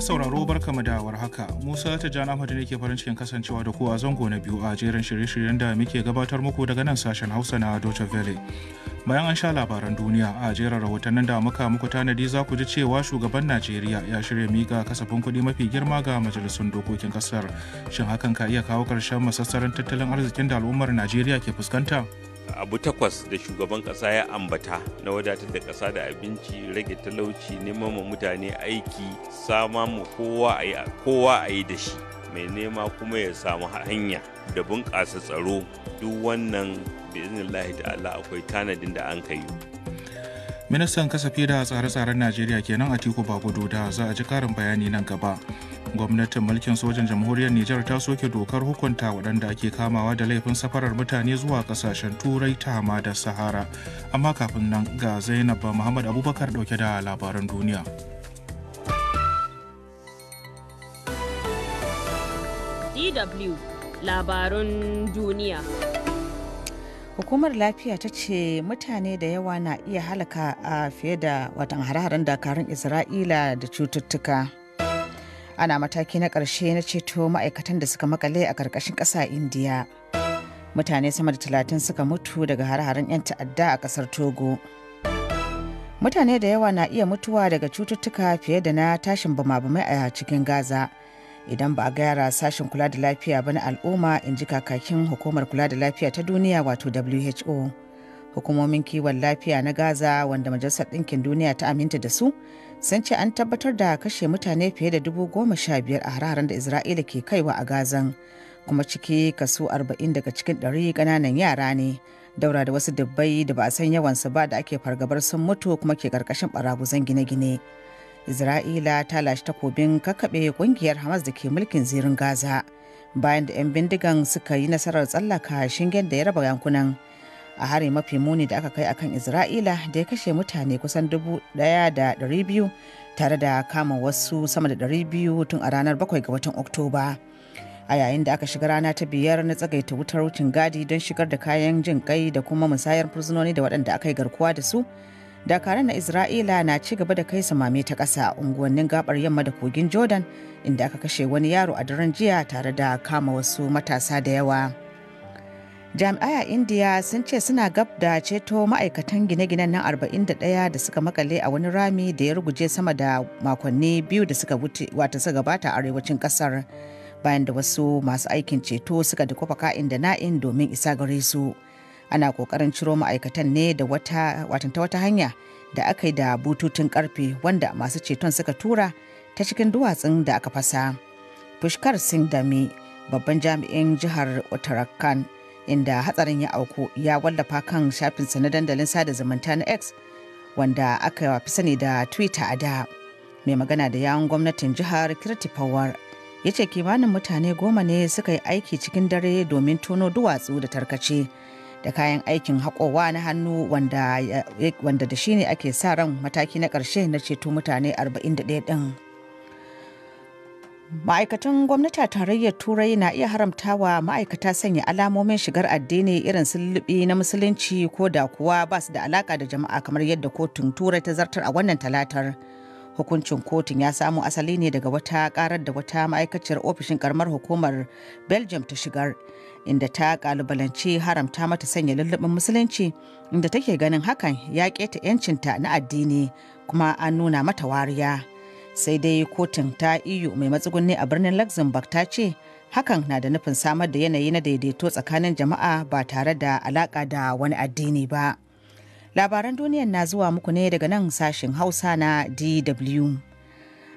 masu sauraro barkamu da war haka musa tijjan ahmadu ne ke farin cikin kasancewa da a zango na biyu a jerin shirye-shiryen da muke gabatar muku daga nan sashen hausa na deutsche valley bayan an sha labaran duniya a jerin rahotannin da muka muku tanadi za ku ji cewa shugaban najeriya ya shirya miƙa kasafin kuɗi mafi girma ga majalisun dokokin ƙasar shin hakan ka iya kawo ƙarshen masassarin tattalin arzikin da al'ummar najeriya ke fuskanta abu takwas da shugaban kasa ya ambata na wadatar da ƙasa da abinci rage talauci neman ma mutane aiki sama mu kowa a yi da shi mai nema kuma ya samu hanya da bunƙasa tsaro duk wannan da allah akwai tanadin da an kayu. ministan kasafi da tsare-tsaren najeriya kenan a tiku bagudu da za a ji karin bayani nan gaba gwamnatin mulkin sojan jamhuriyar nijar ta soke dokar hukunta waɗanda ake kamawa da laifin safarar mutane zuwa ƙasashen turai ta hamadar sahara amma kafin nan ga zainab muhammad abubakar ɗauke da labaran duniya dw labarun duniya hukumar lafiya ta ce mutane da yawa na iya halaka a fiye da watan hare-haren dakarun isra'ila da cututtuka ana mataki na ƙarshe na ceto ma'aikatan da suka makale a ƙarƙashin ƙasa indiya mutane sama da talatin suka mutu daga har-haren 'yan ta'adda a ƙasar togo mutane da yawa na iya mutuwa daga cututtuka fiye da na tashin bama-bamai a cikin gaza idan ba a gyara sashen kula da lafiya ba na al'umma in ji kakakin hukumar kula da lafiya ta duniya wato who hukumomin kiwon lafiya na gaza wanda majalisar ɗinkin duniya ta aminta da su sun ce an tabbatar da kashe mutane fiye da dubu goma sha biyar a hararen da isra'ila ke kaiwa a gazan kuma ciki kaso arba'in daga cikin ɗari kananan yara ne daura da wasu dubbai da ba a san yawansu ba da ake fargabar sun mutu kuma ke ƙarƙashin ɓaraguzan gine-gine isra'ila ta lashe takobin kakkaɓe ƙungiyar hamas da ke mulkin zirin gaza bayan da 'yan bindigan suka yi nasarar tsallaka shingen da ya raba yankunan a hari mafi muni da aka kai akan isra'ila da ya kashe mutane kusan 1,200 tare da kama wasu sama da 200 tun a ranar 7 ga watan oktoba a yayin da aka shiga rana ta biyar na tsagaita wutar wucin gadi don shigar da kayan jin kai da kuma musayar fursunoni da waɗanda aka yi garkuwa da su dakaran na isra'ila na ci gaba da kai samame ta ƙasa a unguwannin gabar yamma da kogin jordan inda aka kashe wani yaro a daren jiya tare da kama wasu matasa da yawa. jami'ai a indiya sun ce suna gab da ceto ma'aikatan gine gine nan 41 da suka makale a wani rami da ya ruguje sama da makonni biyu da suka wata su gabata a arewacin kasar bayan da wasu masu aikin ceto suka da ka'in da na'in domin isa gare su ana kokarin ciro ma'aikatan ne da wata wata hanya da aka yi da bututun karfe wanda masu ceton suka tura ta cikin duwatsun da aka fasa pushkar singh babban jami'in jihar uttarakhand inda hatsarin ya auku ya wallafa kan shafinsa na dandalin sada zumunta na x wanda aka fi sani da twitter a da mai magana da yawon gwamnatin jihar kirti power ya ce kimanin mutane goma ne suka yi aiki cikin dare domin tono duwatsu da tarkace da kayan aikin haƙowa na hannu wanda da shi ne ake sa ran mataki na ƙarshe na ceto mutane 41 ɗin. ma'aikatan gwamnati tarayyar turai na iya haramta wa ma'aikata sanya alamomin shigar addini irin sullubi na musulunci ko da kuwa ba su da alaka da jama'a kamar yadda kotun turai ta zartar a wannan talatar hukuncin kotun ya samu asali ne daga wata karar da wata ma'aikaciyar ofishin karamar hukumar belgium ta shigar inda ta kalubalanci haramta mata sanya lullubin musulunci inda take ganin hakan ya keta 'yancinta na addini kuma an nuna mata wariya. sai dai kotun ta iyu e mai matsugunni a birnin luxembourg ta ce hakan na da nufin samar da yanayi na daidaito tsakanin jama'a ba tare da alaka da wani addini ba labaran duniyar na zuwa muku ne daga nan sashen hausa na dw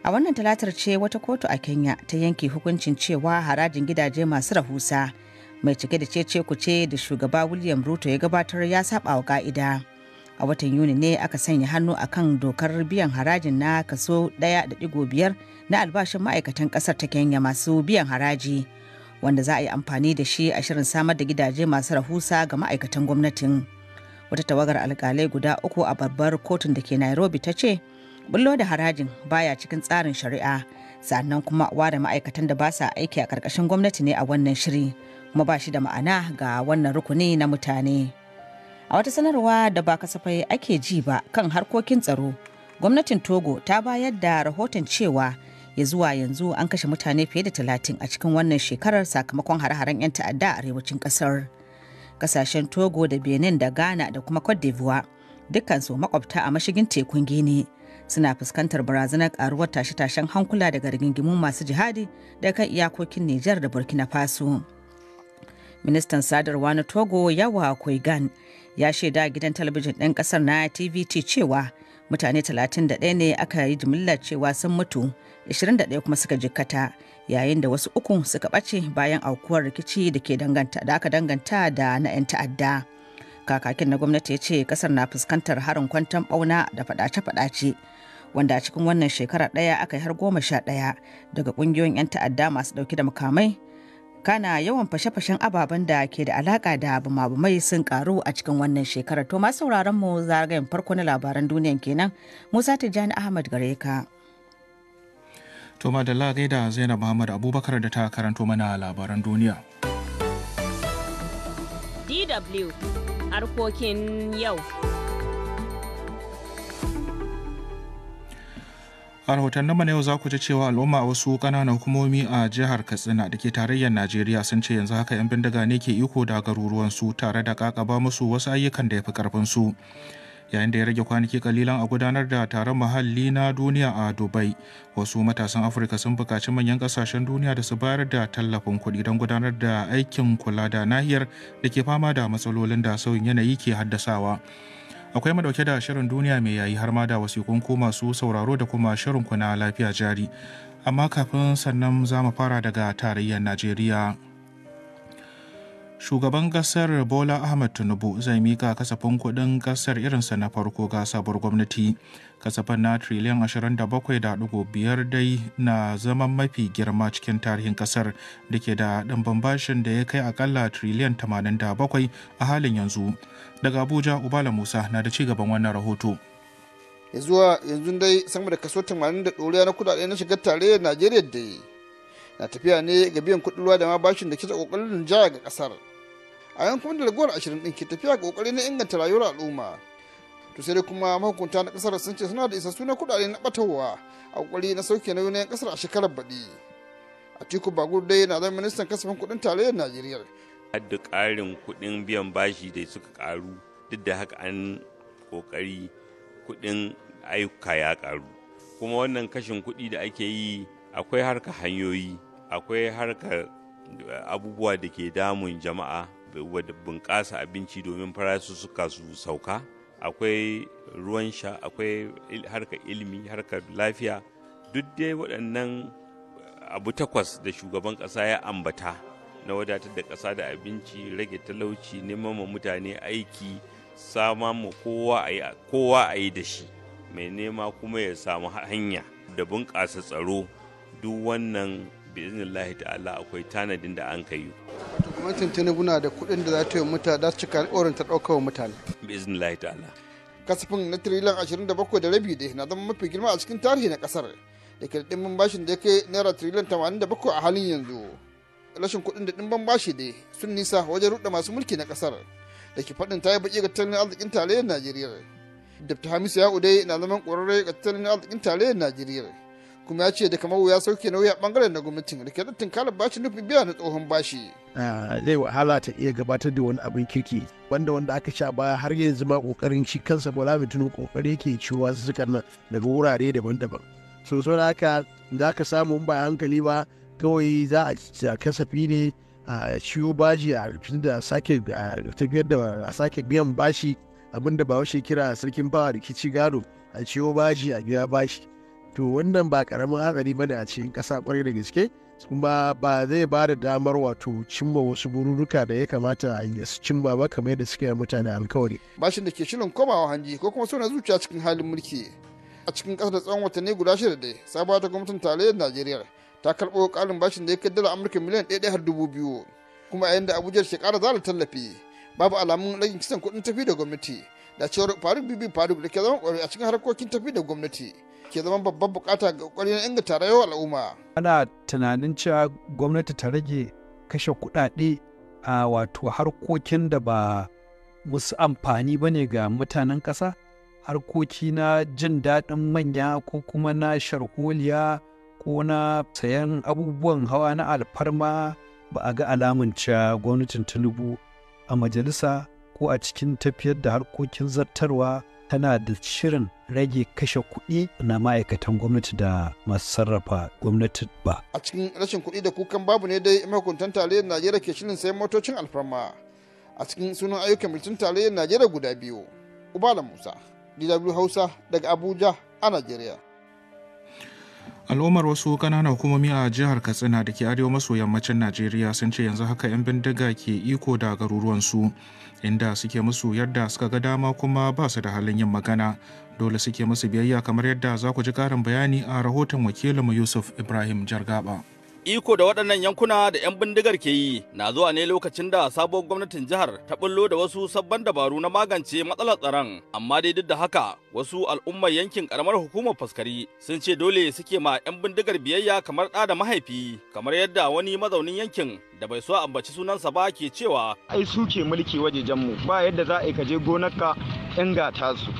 a wannan talatar ce wata kotu a kenya ta yanke hukuncin cewa harajin gidaje masu rahusa mai cike da cece ce da shugaba william ruto ya gabatar ya saba wa ka'ida a watan yuni ne aka sanya hannu a kan dokar biyan harajin na kaso 1.5 na albashin ma'aikatan kasar ta kenya masu biyan haraji wanda za a yi amfani da shi a shirin samar da gidaje masu rahusa ga ma'aikatan gwamnatin wata tawagar alkalai guda uku a babbar kotun da ke nairobi ta ce bullo da harajin baya cikin tsarin shari'a sannan kuma ware ma'aikatan da ba sa aiki a ƙarƙashin gwamnati ne a wannan shiri kuma ba shi da ma'ana ga wannan rukuni na mutane. a wata sanarwa da ba kasafai ake ji ba kan harkokin tsaro gwamnatin togo ta bayar da rahoton cewa ya zuwa yanzu an kashe mutane fiye da talatin a cikin wannan shekarar sakamakon hare-haren 'yan ta'adda a arewacin kasar kasashen togo da benin da ghana da kuma cote d'ivoire dukkansu makwabta a mashigin tekun gini suna fuskantar barazanar karuwar tashe-tashen hankula daga rigingimu masu jihadi da kan iyakokin Nijar da Burkina Faso. Ministan sadarwa na Togo Yawa Koigan ya shaida gidan talabijin ɗin ƙasar na tvt cewa mutane 31 ne aka yi jimillar cewa sun mutu 21 kuma suka jikkata yayin da wasu uku suka ɓace bayan aukuwar rikici da ke aka danganta da na 'yan ta'adda kakakin na gwamnati ya ce ƙasar na fuskantar harin kwantan ɓauna da faɗace-faɗace. wanda a cikin wannan shekara ɗaya aka yi har goma sha ɗaya daga ƙungiyoyin 'yan ta'adda masu ɗauke da mukamai kana yawan fashe-fashen ababen da ke da alaka da mai sun karu a cikin wannan shekarar to masu sauraron mu zagayen farko na labaran duniyan kenan musa tijjani ahmad gare ka to madalla gaida zainab muhammad abubakar da ta karanto mana labaran duniya dw harkokin yau A rahoton na yau za ku ji cewa al'umma a wasu ƙananan hukumomi a jihar Katsina da ke tarayyar Najeriya sun ce yanzu haka 'yan bindiga ne ke iko da garuruwan su tare da kakaba musu wasu ayyukan da ya fi su Yayin da ya rage kwanaki kalilan a gudanar da taron muhalli na duniya a Dubai, wasu matasan Afirka sun buƙaci manyan ƙasashen duniya da su bayar da tallafin kuɗi don gudanar da aikin kula da nahiyar da ke fama da matsalolin da sauyin yanayi ke haddasawa. akwai madauke da shirin duniya mai yayi har ma da wasiƙun ko masu sauraro da kuma shirin ku na lafiya jari amma kafin sannan za mu fara daga tarayyar najeriya shugaban kasar bola ahmad tinubu zai mika kasafin kuɗin kasar irinsa na farko ga sabuwar gwamnati kasafin na triliyan 27.5 dai na zaman mafi girma cikin tarihin kasar da ke da ɗimbin bashin da ya kai akalla triliyan 87 a halin yanzu daga abuja ubala musa na da ci gaban wannan rahoto zuwa yanzu dai sama da kaso 80 da ɗoriya na kudade na shigar tarayyar najeriya da na tafiya ne ga biyan kudin ruwa da ma bashin da ke da kokarin jaya ga kasar a yankunan da ragowar 20 ɗin ke tafiya ga kokarin na inganta rayuwar al'umma to sai dai kuma mahukunta na kasar sun ce suna da isassu na kudade na batawa a kokari na sauke na yunayen kasar a shekarar baɗi atiku bagur dai na zama ministan kasafin kudin tarayyar najeriya da ƙarin kudin biyan bashi da suka karu duk da haka an kokari kudin ayyuka ya karu kuma wannan kashin kudi da ake yi akwai harka hanyoyi akwai harka eh, abubuwa da ke damun jama'a bunƙasa abinci domin suka su sauka akwai ruwan sha akwai harka ilimi harkar lafiya duk dai waɗannan abu takwas da shugaban ƙasa ya ambata na wadatar da ƙasa da abinci rage talauci neman ma mutane aiki sama ma kowa a yi da shi mai nema kuma ya samu hanya da bunƙasa tsaro duk wannan lahi ta'ala akwai tanadin da an Wato gwamnatin tinubu na da kuɗin da za ta yi mutane za ta cika alƙawarin ta ɗaukar mutane. ta'ala kasafin na tiriliyan 27 da rabi da na zama mafi girma a cikin tarihi na kasar da ke dimbin bashin da ya kai naira tiriliyan 87 a halin yanzu rashin kuɗin da dimbin bashi da sun nisa wajen ruɗe masu mulki na kasar da ke faɗin ta yi baƙi ga tattalin arzikin tarayyar najeriya dr hamisu ya'u dai na zama ƙwararre ga tattalin arzikin tarayyar najeriya kuma ya ce da kamar wuya sauke nauyi a bangaren na gwamnatin ke da tunkarar bashi nufin biya na tsohon bashi. Ah, zai wahala ta iya gabatar da wani abin kirki wanda wanda aka sha baya har yanzu ma kokarin shi kansa bola mai tunu kokari yake ciwa su suka nan daga wurare daban-daban so so da haka za ka samu ba hankali ba kawai za a kasafi ne a ciwo bashi a rufin da sake tafiyar da a sake biyan bashi abinda ba washe kira sarkin bawa rikici gado a ciwo bashi a biya bashi to wannan ba karamin hatsari ba ne a cikin ƙasa kwarai da gaske kuma ba zai ba da damar wato cimma wasu bururuka da ya kamata a yi su cimma ba kamar yadda suka yi mutane alkawari. bashin da ke shirin komawa hanji ko kuma suna zuciya cikin halin mulki a cikin kasa da tsawon watanni guda shida da sabuwa ta gwamnatin tarayyar najeriya ta karɓo ƙarin bashin da ya kai dala amurka miliyan ɗaya har dubu biyu kuma yayin da abuja ke ƙara zara tallafi babu alamun rage kisan kuɗin tafi da gwamnati da cewar faruk bibi faruk da ke zama ƙwarai a cikin harkokin tafi da gwamnati ke zama babban bukata ga inga inganta rayuwar al'umma ana tunanin cewa gwamnati ta rage kashe kuɗaɗe a wato harkokin da ba musu amfani ba ne ga mutanen ƙasa harkoki na jin daɗin manya ko kuma na sharholiya ko na sayan abubuwan hawa na alfarma ba a ga alamun cewa gwamnatin tinubu a majalisa ko a cikin tafiyar da harkokin zartarwa tana da shirin rage kashe kuɗi na ma'aikatan gwamnati da masu sarrafa gwamnati ba. A cikin rashin kuɗi da kukan babu ne dai mahukuntan tarayyar Najeriya ke shirin sayan motocin alfarma. A cikin sunan ayyukan mulkin tarayyar Najeriya guda biyu. Ubala Musa, DW Hausa daga Abuja a Najeriya. al'ummar wasu ƙananan hukumomi a jihar katsina da ke arewa maso yammacin najeriya sun ce yanzu haka 'yan bindiga ke iko da garuruwansu inda suke musu yadda suka ga dama kuma ba su da halin yin magana dole suke musu biyayya kamar yadda za ku ji karin bayani a rahoton wakilinmu yusuf ibrahim jargaba Iko da waɗannan yankuna da 'yan bindigar ke yi na zuwa ne lokacin da sabon gwamnatin jihar ta bullo da wasu sabon dabaru na magance matsalar tsaron, amma dai duk da haka wasu al'ummar yankin karamar hukumar faskari sun ce dole suke ma 'yan bindigar biyayya kamar ɗa da mahaifi, kamar yadda wani mazaunin yankin da bai so a ambaci sunansa ba ke cewa. Ai su ke mulki mu, ba yadda za a yi kaje gonarka 'yan gata su.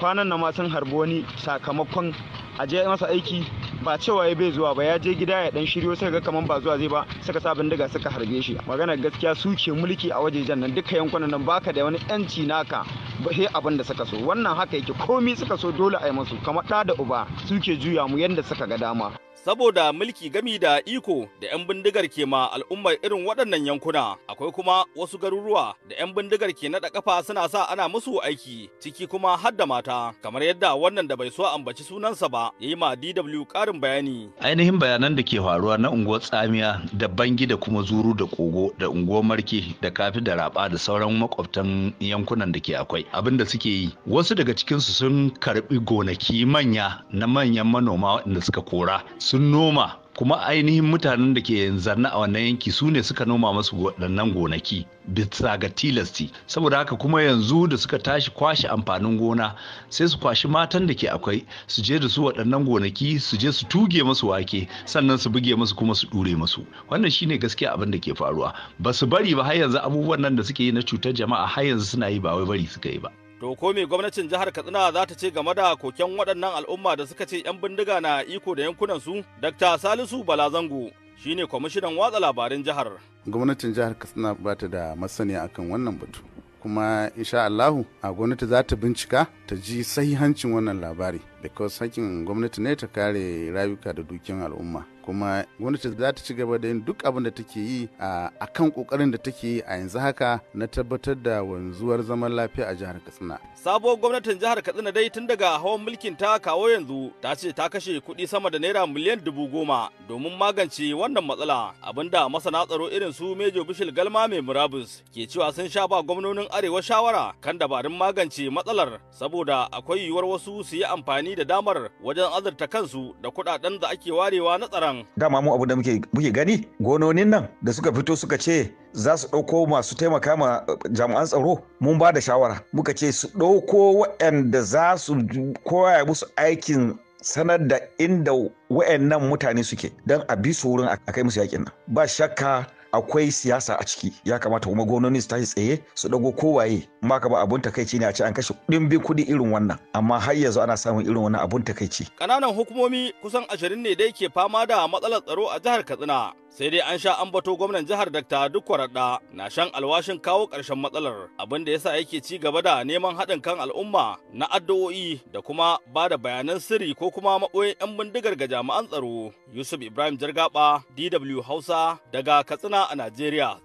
Kwanan na ma sun harbi wani sakamakon a je masa aiki ba cewa ya bai zuwa ba ya je gida ya dan shiryo sai ga kaman ba zuwa zai ba suka sa bindiga suka harbe shi magana gaskiya su ke mulki a wajejen nan duka yankunan nan baka da wani yanci naka ba sai abin da suka so wannan haka yake komi suka so dole a yi musu kamar da da uba ke juya mu yadda suka ga dama saboda mulki gami da iko da 'yan bindigar ke ma al'ummar irin waɗannan yankuna akwai kuma wasu garuruwa da 'yan bindigar ke naɗa kafa suna sa ana musu aiki ciki kuma har da mata kamar yadda wannan da bai so ambaci sunansa ba ya yi ma DW karin bayani. Ainihin bayanan da ke faruwa na unguwar tsamiya da bangi da kuma zuru da kogo da unguwar marke da kafi da raba da sauran makwabtan yankunan da ke akwai abin da suke yi wasu daga cikinsu sun karɓi gonaki manya na manyan manoma waɗanda suka kora su sun noma kuma ainihin mutanen da ke zanna a wannan yanki su ne suka noma masu waɗannan gonaki bisa ga tilasti saboda haka kuma yanzu da suka tashi kwashe amfanin gona sai su kwashi matan da ke akwai su je da su waɗannan gonaki su je su tuge masu wake sannan su buge masu kuma su ɗure masu wannan shine gaskiya abin da ke faruwa ba su bari ba har yanzu abubuwan nan da suke yi na cutar jama'a har yanzu suna yi ba wai bari suka yi ba To ko gwamnatin jihar Katsina za ta ce game da koken waɗannan al'umma da suka ce 'yan bindiga na iko da yankunan su? Dr. Salisu Balazango shine kwamishinan watsa labarin jihar. Gwamnatin jihar Katsina ba ta da masaniya akan wannan batu. Kuma insha Allahu a gwamnati za ta bincika ta ji sahihancin wannan labari. because hakkin gwamnati ne ta kare rayuka da dukiyar al'umma kuma gwamnati za ta ci gaba da yin duk abin da take yi a kan kokarin da take yi a yanzu haka na tabbatar da wanzuwar zaman lafiya a jihar katsina sabuwar gwamnatin jihar katsina dai tun daga hawan mulkin ta kawo yanzu ta ce ta kashe kuɗi sama da naira miliyan dubu goma domin magance wannan matsala abinda masana tsaro irin su mejo bishil galma mai murabus ke cewa sun sha ba gwamnonin arewa shawara kan dabarun magance matsalar saboda akwai yiwuwar wasu su yi amfani amfani da damar wajen azurta kansu da kuɗaɗen da ake warewa na tsaron. Dama mu abu da muke gani gononin nan da suka fito suka ce za su ɗauko masu taimaka ma eh, jami'an tsaro mun ba da shawara muka ce su ɗauko waɗanda za su koya musu aikin sanar da inda wayannan mutane suke don a bi su wurin a kai musu yakin nan ba shakka akwai siyasa a ciki ya kamata kuma gwamnoni su tashi tsaye su dago kowaye in ba ka ba abun takaici ne a ce an kashe ɗimbin kuɗi irin wannan amma har yanzu ana samun irin wannan abun takaici. kananan hukumomi kusan ashirin ne dai ke fama da matsalar tsaro a jihar Katsina. sai dai an sha ambato gwamnan jihar Dr. Dukkwarada na shan alwashin kawo ƙarshen matsalar abin da yasa yake ci gaba da neman haɗin kan al'umma na addu'o'i da kuma ba da bayanan sirri ko kuma maɓoyin 'yan bindigar ga jami'an tsaro. Yusuf Ibrahim Jargaba, DW Hausa daga Katsina a Najeriya.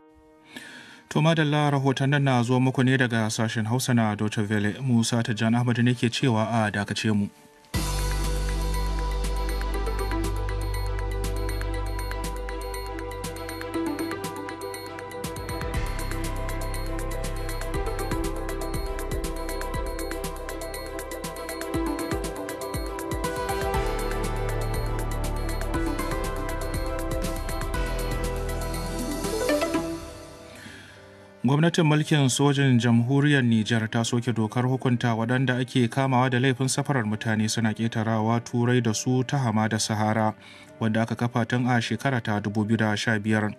To madalla rahotannin na zuwa muku ne daga sashen Hausa na Deutsche Welle Musa jan Ahmad ne ke cewa a dakace mu. Gwamnatin mulkin sojin jamhuriyar Nijar ta soke dokar hukunta waɗanda ake kamawa da laifin safarar mutane suna ƙetarawa turai da su ta hamada Sahara, wanda aka kafa tun a shekara ta 2015.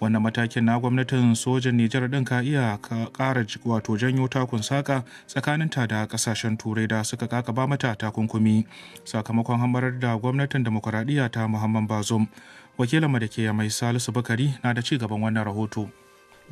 Wannan matakin na gwamnatin sojin Nijar ɗin ka iya ƙara wato janyo takun saƙa tsakaninta da ƙasashen turai da suka kaka ba mata takunkumi sakamakon hamarar da gwamnatin demokuraɗiyya ta Muhammad bazum Wakilinmu da ke mai Salisu Bakari na da ci gaban wannan rahoto.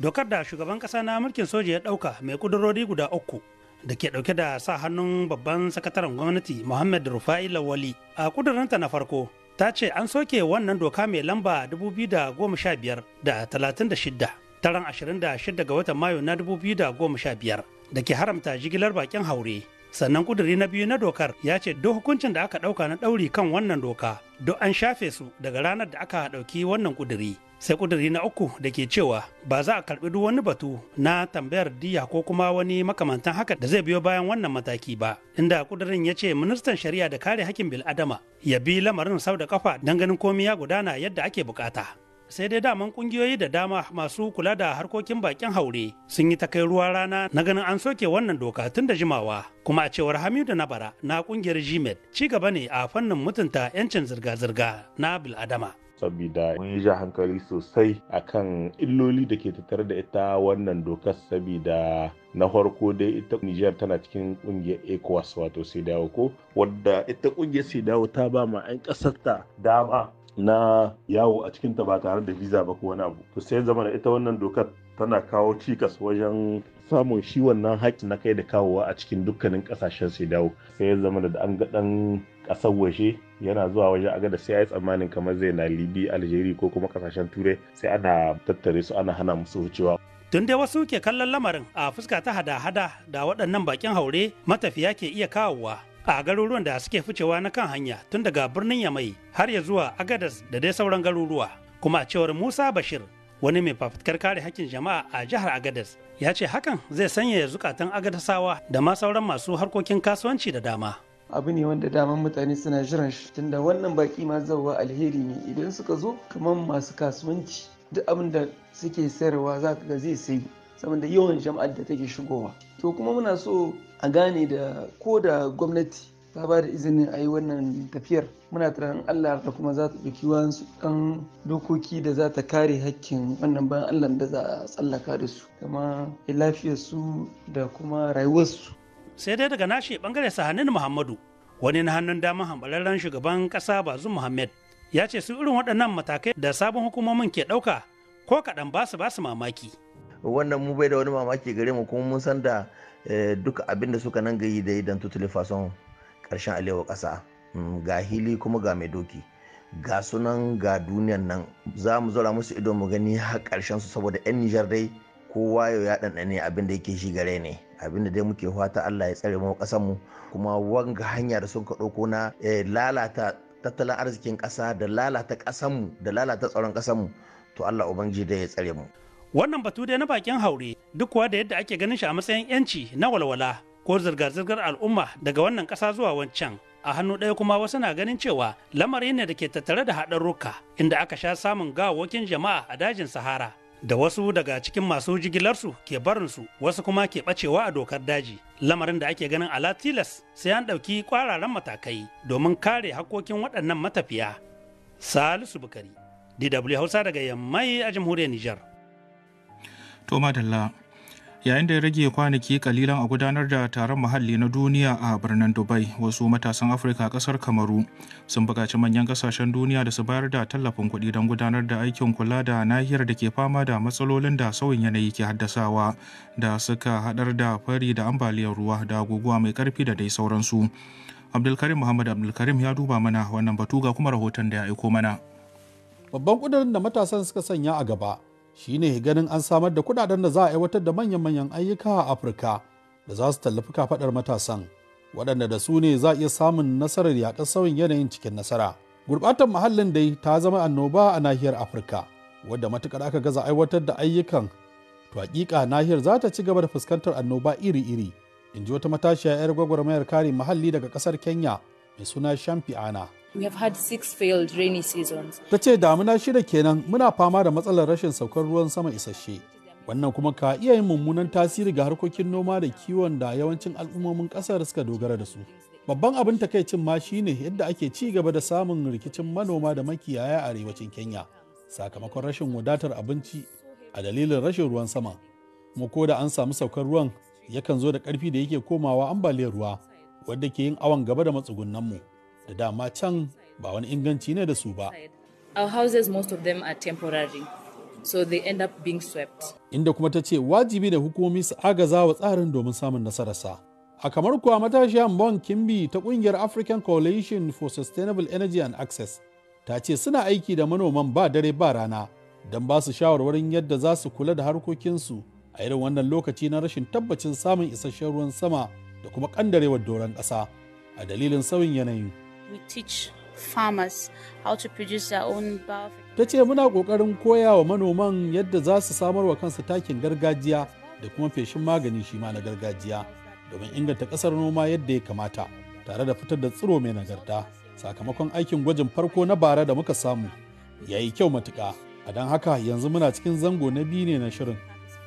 dokar da shugaban kasa na mulkin soja ya dauka mai kudurori guda uku da ke dauke da sa hannun babban sakataren gwamnati muhammad rufa'i lawali a kudurinta na farko ta ce an soke wannan doka mai lamba 2015 da 36 taron 26 ga watan mayu na 2015 da ke haramta jigilar bakin haure sannan kuduri na biyu na dokar ya ce duk hukuncin da aka dauka na dauri kan wannan doka duk an shafe su daga ranar da aka dauki wannan kuduri sai kuduri na uku da ke cewa ba za a karbi duk wani batu na tambayar diya ko kuma wani makamantan haka da zai biyo bayan wannan mataki ba inda kudirin ya ce ministan shari'a da kare hakkin bil'adama ya bi lamarin sau da kafa don ganin komi ya gudana yadda ake bukata sai dai daman kungiyoyi da dama masu kula da harkokin bakin haure sun yi ta kai ruwa rana na ganin an soke wannan doka tun da jimawa kuma a cewar hamidu nabara na kungiyar Gmail ci gaba ne a fannin mutunta 'yancin zirga-zirga na bil'adama saboda mun yi ja hankali sosai A kan illoli da ke tattare da ita wannan dokar saboda na farko dai ita Nijar tana cikin kungiyar ECOWAS wato dawo ko wadda ita kungiyar dawo ta ba ma 'yan ta? dama na yawo a cikin ta ba tare da visa ba ko wani abu to sai zama ita wannan dokar tana kawo cikas wajen samun shi wannan haƙƙi na kai da kawowa a cikin dukkanin ƙasashen sai dawo sai zama da an ga ɗan ƙasar waje yana zuwa waje a da sai ya yi tsammanin kamar zai na libi Aljeri ko kuma kasashen turai sai ana tattare su ana hana musu wucewa tun dai wasu ke kallon lamarin a fuska ta hada-hada da waɗannan bakin haure matafiya ke iya kawowa a garuruwan da suke ficewa na kan hanya tun daga birnin yamai har ya zuwa agadas da dai sauran garuruwa kuma a cewar musa bashir wani mai fafutkar kare hakkin jama'a a jihar agadas ya ce hakan zai sanya zukatan agadasawa da ma sauran masu harkokin kasuwanci da dama abu ne wanda daman mutane suna jiran shi tunda wannan baki ma zauwa alheri ne idan suka zo kamar masu kasuwanci duk abin da suke sayarwa za ka ga zai sayi saboda yawan jama'ar da take shigowa to kuma muna so a gane da ko da gwamnati ta ba da izinin a yi wannan tafiyar muna tunanin allah da kuma za ta ɗauki wasu ɗan dokoki da za ta kare hakkin wannan bayan allah da za a tsallaka da su kama lafiyarsu da kuma rayuwarsu sai dai daga nashi bangare sahanin muhammadu wani na hannun damar hambararren shugaban kasa bazu muhammed ya ce su irin waɗannan matakai da sabon hukumomin ke ɗauka ko kaɗan basu-basu mamaki wannan mu bai da wani mamaki gare mu kuma mun san da eh, duk abin da suka nan gayi da idan tutule fason karshen alewa kasa mm, ga hili kuma ga mai doki ga sunan ga duniyan nan za mu zura musu ido mu gani har ƙarshen su saboda 'yan nijar dai kowa yau ya ɗanɗane abin da yake shi gare ne abin da dai muke fata Allah ya tsare mu ƙasar mu kuma wanga hanya da sun ka ɗauko na eh, lalata tattalin arzikin ƙasa da lalata ƙasar da lalata tsaron ƙasar mu to Allah ubangiji dai ya tsare mu wannan batu dai na bakin haure duk kuwa da yadda ake ganin shi a matsayin yanci na walwala ko zirga-zirgar al'umma daga wannan ƙasa zuwa wancan a hannu ɗaya kuma wasu na ganin cewa lamarin ne da ke tattare da haɗarruka inda aka sha samun gawawwakin jama'a a dajin sahara da wasu daga cikin masu jigilarsu ke barinsu wasu kuma ke bacewa a dokar daji lamarin da ake ganin ala tilas sai an ɗauki kwararan matakai domin kare hakkokin waɗannan matafiya salisu bukari dw hausa daga yammai a jamhuriyar nijar to madalla yayin da ya rage kwanaki kalilan a gudanar da taron muhalli na duniya a birnin dubai wasu matasan afirka kasar kamaru sun buƙaci manyan kasashen duniya da su bayar da tallafin kuɗi don gudanar da aikin kula da nahiyar da ke fama da matsalolin da sauyin yanayi ke haddasawa da suka haɗar da fari da ambaliyar ruwa da guguwa mai ƙarfi da dai sauransu abdulkarim muhammad abdulkarim ya duba mana wannan batu ga kuma rahoton da ya aiko mana babban ƙudurin da matasan suka sanya a gaba shine ganin an samar da kudaden da za a aiwatar da manyan-manyan ayyuka a afirka da za su tallafi kafaɗar matasan waɗanda da su ne za a iya samun nasarar yaƙar sauyin yanayin cikin nasara gurɓatar muhallin dai ta zama annoba a nahiyar afirka wadda matuƙar aka gaza aiwatar da ayyukan to hakika nahiyar za ta ci gaba da fuskantar annoba iri-iri in ji wata matashiya 'yar gwagwarmayar kare muhalli daga ƙasar kenya mai suna shamfi'ana We have had six failed rainy seasons. Ta ce damuna shida kenan muna fama da matsalar rashin saukar ruwan sama isasshe. Wannan kuma ka iya yin mummunan tasiri ga harkokin noma da kiwon da yawancin al'ummomin ƙasar suka dogara da su. Babban abin takaicin ma shine yadda ake ci gaba da samun rikicin manoma da makiyaya a arewacin Kenya sakamakon rashin wadatar abinci a dalilin rashin ruwan sama. kuma ko da an samu saukar ruwan yakan zo da ƙarfi da yake komawa ambaliyar ruwa wadda ke yin awon gaba da matsugunanmu. mu. da dama can ba wani inganci ne da su ba. Our houses most of So they end up being Inda kuma ta ce wajibi da hukumomi su agaza wa tsarin domin samun nasararsa. A kamar kuwa matashiya Mbon Kimbi ta kungiyar African Coalition for Sustainable Energy and Access ta ce suna aiki da manoman ba dare ba rana don ba su shawarwarin yadda za su kula da harkokinsu a irin wannan lokaci na rashin tabbacin samun isasshen ruwan sama da kuma kandarewar doron ƙasa a dalilin sauyin yanayin we teach farmers how to produce their own biofuel. Ta ce muna ƙoƙarin koya wa manoman yadda za su samar wa kansu takin gargajiya da kuma feshin magani shi ma na gargajiya domin inganta ƙasar noma yadda ya kamata tare da fitar da tsiro mai nagarta sakamakon aikin gwajin farko na bara da muka samu ya yi kyau matuka, a don haka yanzu muna cikin zango na biyu ne na shirin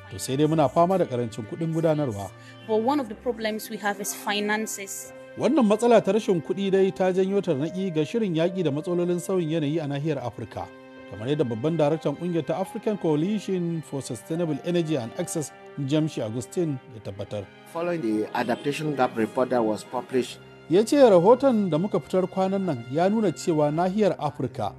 to sai dai muna fama da karancin kuɗin gudanarwa. But one of the problems we have is finances. wannan matsala ta rashin kuɗi dai ta janyo tarnaki ga shirin yaƙi da matsalolin sauyin yanayi a nahiyar afirka kamar yadda babban daraktan ƙungiyar ta african coalition for sustainable energy and access jamshi augustine ya tabbatar following the adaptation gap report that was published ya ce rahoton da muka fitar kwanan nan ya nuna cewa nahiyar afirka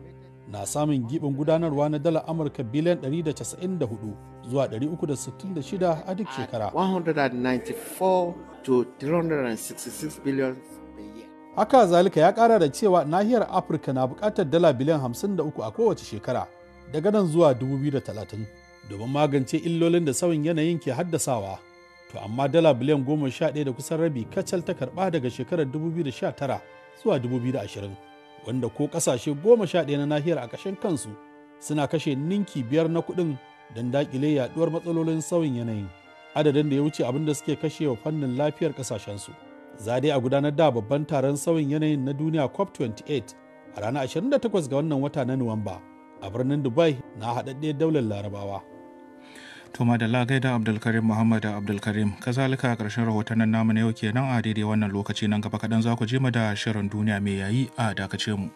na samun gibin gudanarwa na dala amurka biliyan 194 zuwa 366 a duk shekara 194 to 366 billion haka zalika ya kara da cewa nahiyar afirka na bukatar dala biliyan 53 a kowace shekara daga nan zuwa 2030 domin magance illolin da sauyin yanayin ke haddasawa to amma dala biliyan 11 da kusan rabi kacal ta karba daga shekarar 2019 zuwa 2020 wanda ko ƙasashe goma sha ɗaya na nahiyar a ƙashin kansu suna kashe ninki biyar na kuɗin don daƙile yaɗuwar matsalolin sauyin yanayin adadin da ya wuce abin da suke kashe wa fannin lafiyar ƙasashensu za dai a gudanar da babban taron sauyin yanayin na duniya cop 28 a ranar 28 ga wannan wata na nuwamba a birnin dubai na haɗaɗɗen daular larabawa Tuma da lagaida Abdulkarim Muhammad da Abdulkarim, kazalika ƙarshen rahotannin namu na yau kenan a daidai wannan lokaci nan gaba kaɗan za ku je mu da shirin duniya mai yayi a dakace mu.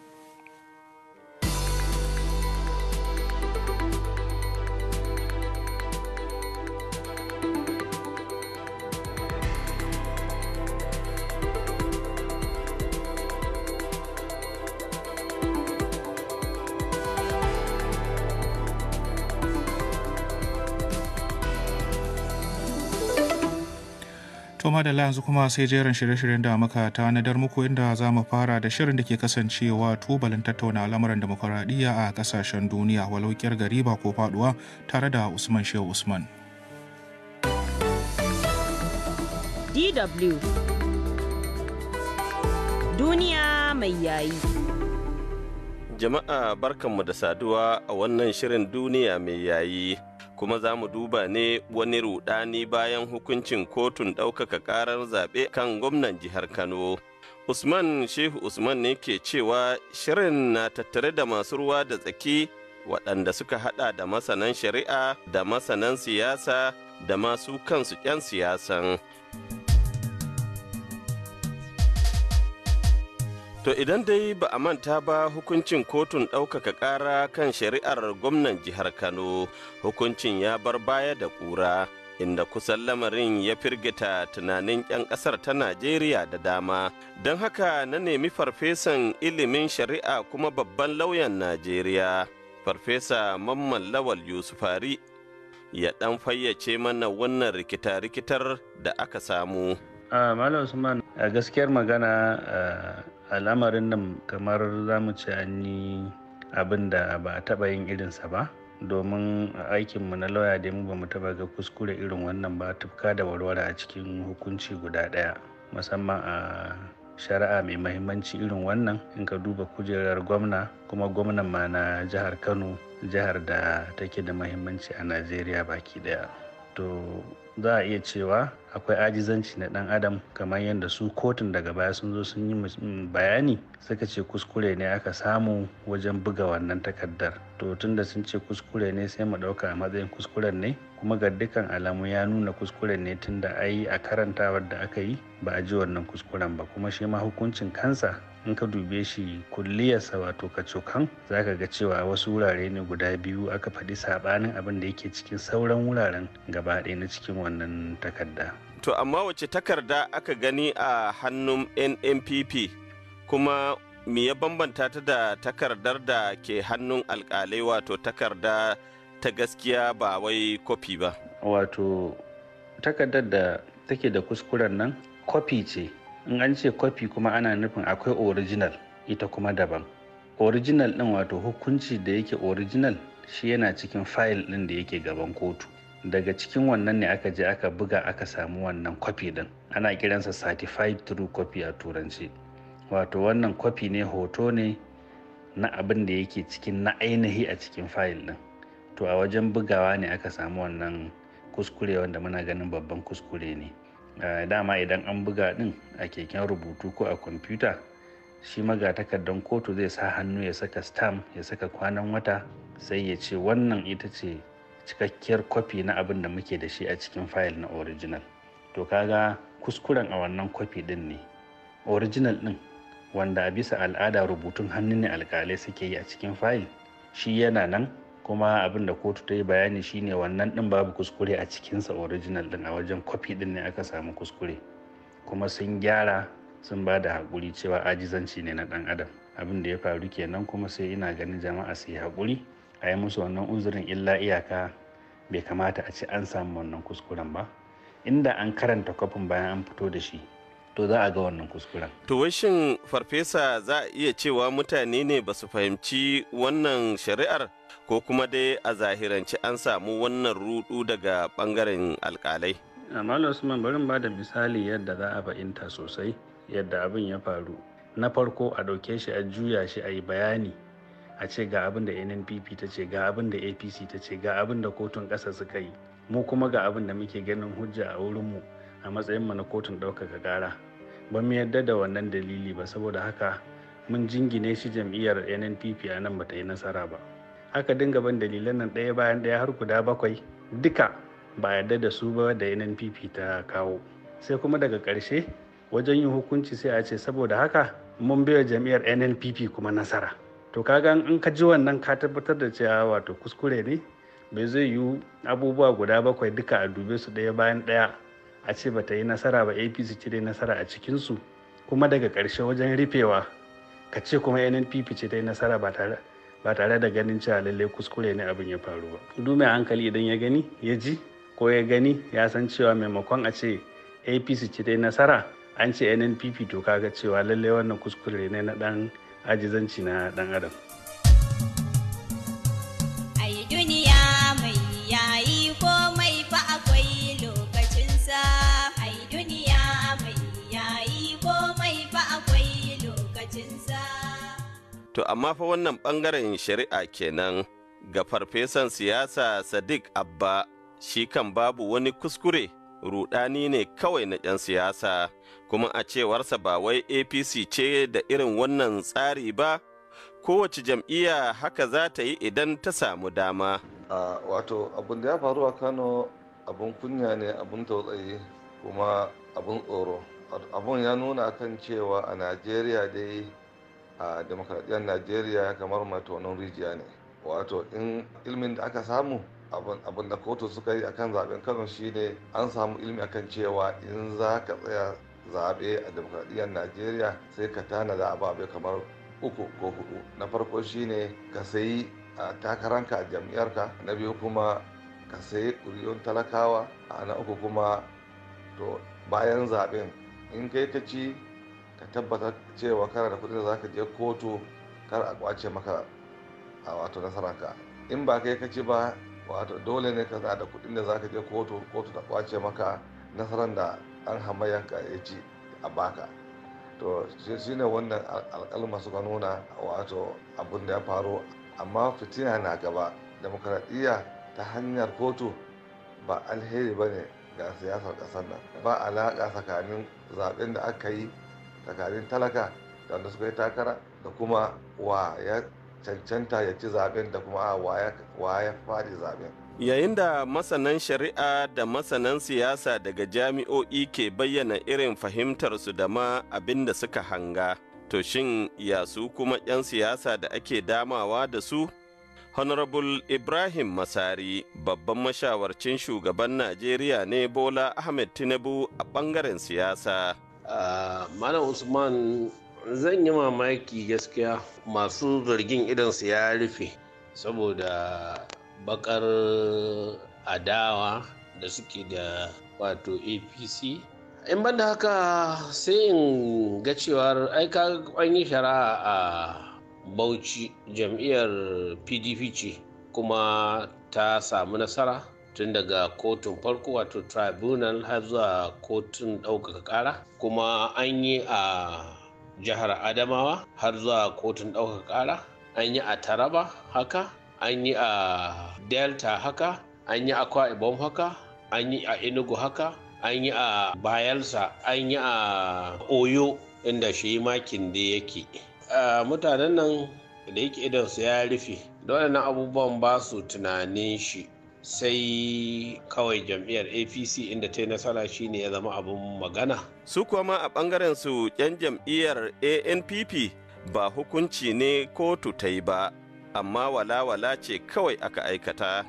kuma da yanzu kuma sai jerin shirye-shiryen da muka tanadar muku inda za mu fara da shirin da ke kasancewa tubalin tattauna al'amuran demokuraɗiyya a ƙasashen duniya walau ƙyar gariba ko faɗuwa tare da Usman Shehu Usman. DW Duniya mai yayi. Jama'a barkanmu da saduwa a wannan shirin duniya mai yayi. kuma za mu duba ne wani rudani bayan hukuncin kotun ɗaukaka ƙarar zaɓe kan gwamnan jihar Kano. Usman Shehu Usman ne ke cewa shirin na tattare da masu ruwa da tsaki waɗanda suka haɗa da masanan shari'a da masanan siyasa da masu kansu 'yan siyasan. To idan dai ba a manta ba hukuncin kotun ɗaukaka ƙara kan shari'ar gwamnan jihar Kano, hukuncin ya bar baya da ƙura, inda kusan lamarin ya firgita tunanin 'yan ƙasar ta Najeriya da dama. Don haka na nemi farfesan ilimin shari'a kuma babban lauyan Najeriya, farfesa Mamman Lawal Yusufari, ya ɗan fayyace mana wannan rikita-rikitar da aka samu. Uh, Malam Usman, uh, gaskiyar magana uh... al'amarin nan kamar za mu ce an yi abin da ba a taɓa yin irinsa ba domin a aikinmu na lauya dai mu ba mu taɓa ga kuskure irin wannan ba tufka da warware a cikin hukunci guda ɗaya musamman a shari'a mai mahimmanci irin wannan in ka duba kujerar gwamna kuma gwamnan ma na jihar kano jihar da take da mahimmanci a najeriya baki ɗaya to za a iya cewa akwai ajizanci na dan adam kamar yadda su kotun daga baya sun zo sun yi mm, bayani suka ce kuskure ne aka samu wajen buga wannan takardar to tunda sun ce kuskure ne sai mu ɗauka a matsayin kuskuren ne kuma ga dukkan alamu ya nuna kuskuren ne tunda ai a karantawar da aka yi ba a ji wannan kuskuren ba kuma shi ma hukuncin kansa in ka dube shi kulliyarsa wato kacokan za ka ga cewa wasu wurare ne guda biyu aka faɗi saɓanin abin da yake cikin sauran wuraren gaba ɗaya na cikin wannan takarda. To amma wace takarda aka gani a hannun NNPP kuma me ya bambanta ta da takardar da ke hannun alƙalai wato takarda ta gaskiya ba wai kofi ba. Wato takardar da take da kuskuren nan kofi ce in an ce kwafi kuma ana nufin akwai original ita kuma daban original ɗin wato hukunci da yake original shi yana cikin fayil ɗin da yake gaban kotu daga cikin wannan ne aka je aka buga aka samu wannan kwafi ɗin ana kiransa certified true copy a turanci wato wannan kwafi ne hoto ne na abin da yake cikin na ainihi a cikin fayil ɗin to a wajen bugawa ne aka samu wannan kuskure wanda muna ganin babban kuskure ne Eh, dama idan an buga din a keken rubutu ko a kwamfuta shi magatakardan kotu zai sa hannu ya saka stam ya saka kwanan wata sai ya ce wannan ita ce cikakkiyar kwafi na abin da muke da shi a cikin fayil na original to kaga kuskuren a wannan kwafi din ne original din wanda a bisa al'ada rubutun hannu ne alkalai suke yi a cikin fayil shi yana nan kuma abin da kotu ta yi bayani shine wannan din babu kuskure a cikinsa original din a wajen kwafi din ne aka samu kuskure kuma sun gyara sun ba da haƙuri cewa ajizanci ne na ɗan adam abin da ya faru kenan kuma sai ina ganin jama'a su yi haƙuri a yi musu wannan uzurin illa iyaka bai kamata a ce an samu wannan kuskuren ba inda an karanta kwafin bayan an fito da shi to za a ga wannan kuskuren. To shin farfesa za a iya cewa mutane ne ba su fahimci wannan shari'ar ko kuma dai a zahirance an samu wannan rudu daga bangaren alkalai. Amalu Usman barin ba da misali yadda za a fahimta sosai yadda abin ya faru. Na farko a ɗauke shi a juya shi a yi bayani a ce ga abin da NNPP ta ce ga abin da APC ta ce ga abin da kotun ƙasa suka yi mu kuma ga abin da muke ganin hujja a wurinmu. mu. a matsayin na kotun ɗaukaka gara ba mu yadda da wannan dalili ba saboda haka mun jingine shi jam'iyyar nnpp a nan bata yi nasara ba haka dinga ban dalilan nan ɗaya bayan ɗaya har guda bakwai duka ba yadda da su ba da nnpp ta kawo sai kuma daga ƙarshe wajen yin hukunci sai a ce saboda haka mun biya jam'iyyar nnpp kuma nasara to kaga in ka ji wannan ka tabbatar da cewa wato kuskure ne bai zai yiwu abubuwa guda bakwai duka a dube su ɗaya bayan ɗaya a ce ba ta yi nasara ba apc ce dai nasara a cikinsu kuma daga ƙarshe wajen rufewa ka ce kuma nnpp ce ta nasara ba tare da ganin cewa lallai kuskure ne abin ya faru ba duk mai hankali idan ya gani ya ji ko ya gani ya san cewa maimakon a ce apc ce ta nasara an ce nnpp to kaga cewa lallai wannan kuskure ne na dan ajizanci na dan adam To amma fa wannan ɓangaren shari'a kenan ga farfesan siyasa Sadiq Abba shi kan babu wani kuskure rudani ne kawai na 'yan siyasa kuma a cewarsa ba wai APC ce da irin wannan tsari ba kowace jam'iyya haka za ta yi idan ta samu dama. wato abin da ya faru a Kano abin kunya ne abin tausayi kuma abin tsoro abin ya nuna kan cewa a Najeriya dai a demokradiyyar najeriya kamar matonin rijiya ne wato in ilmin da aka samu abin da kotu suka yi akan zaben kano shine an samu ilmi akan cewa in za ka tsaya zaɓe a demokradiyyar najeriya sai ka tanada ababe kamar uku ko hudu na farko shine ka sayi a takaranka a jam'iyyarka na biyu kuma ka sayi ƙuri'un talakawa a na uku kuma to bayan zaɓen in kai ka ci ka tabbatar cewa kana da kuɗin da za ka je kotu kar a kwace maka a wato ka in ba kai kace ba wato dole ne ka da kuɗin da za ka je kotu kotu ta kwace maka nasarar da an ka ya ci a baka to shi ne wannan alƙalma suka nuna wato abin da ya faru amma fitina na gaba demokradiyya ta hanyar kotu ba alheri ba ne ga siyasar ƙasar nan ba alaƙa tsakanin zaɓen da aka yi tsakanin talaka da wanda suka yi takara da kuma wa ya cancanta ya ci zaben da kuma wa ya fadi zaben yayin da masanan shari'a da masanan siyasa daga jami'o'i ke bayyana irin fahimtarsu da ma abin da suka hanga to shin ya su kuma 'yan siyasa da ake damawa da su honorable ibrahim masari babban mashawarcin shugaban najeriya ne bola ahmed tinubu a bangaren siyasa Ah, malam usman zan yi mamaki gaskiya masu zargin su ya rufe saboda bakar adawa da suke da wato apc in ban da haka sai in ga cewar aika an yi shara'a a bauchi jam'iyyar pdp ce kuma ta samu nasara tun daga kotun farko wato tribunal har zuwa kotun ɗaukaka ƙara kuma an yi a jihar adamawa har zuwa kotun ɗaukaka ƙara an yi a taraba haka an yi a delta haka an yi a ibom haka an yi a enugu haka an yi a bayelsa an yi a oyo inda shi makin da yake mutanen nan da yake su ya rufe da waɗannan abubuwan ba su tunanin shi sai kawai jam'iyyar apc inda ta yi nasara shine ya zama abin magana su kuwa ma a bangaren su 'yan jam'iyyar anpp ba hukunci ne kotu ta yi ba amma wala-wala ce kawai aka aikata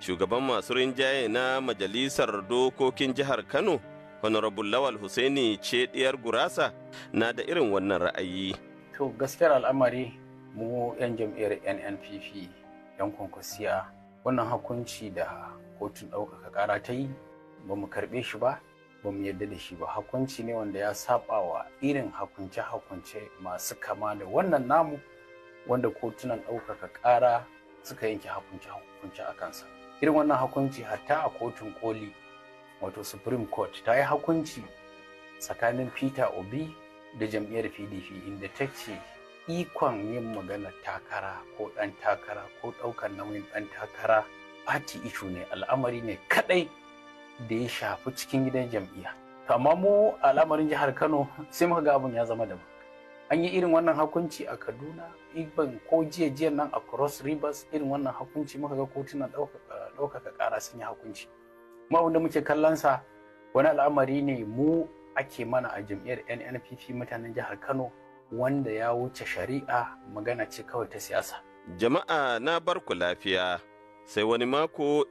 shugaban masu rinjaye na majalisar dokokin jihar kano honorable lawal husaini ce diyar gurasa na da irin wannan ra'ayi to gaskiyar al'amari mu 'yan jam'iyyar nnpp 'yan kwankwasiya wannan hakunci da kotun ɗaukaka ƙara ta yi ba mu karɓe shi ba ba mu yarda da shi ba hakunci ne wanda ya saba wa irin hakunce-hakunce masu kama da wannan namu wanda kotunan ɗaukaka ƙara suka yanke hakunce-hakunce a kansa irin wannan hakunci hatta a kotun koli wato supreme court ta yi hakunci tsakanin peter obi da jam'iyyar pdp inda ta ce ikon yin magana takara ko ɗan takara ko ɗaukar nauyin ɗan takara fati ishu ne al'amari ne kaɗai da ya shafi cikin gidan jam'iyya kama mu al'amarin jihar kano sai muka ga abin ya zama daban an yi irin wannan hakunci a kaduna iban ko jiya jiya nan a cross rivers irin wannan hakunci muka ga kotunan ɗaukaka ƙara sun yi hakunci ma wanda muke kallonsa wani al'amari ne mu ake mana a jam'iyyar nnpp mutanen jihar kano wanda ya wuce shari'a magana ce kawai ta siyasa. Jama'a na barku lafiya sai wani mako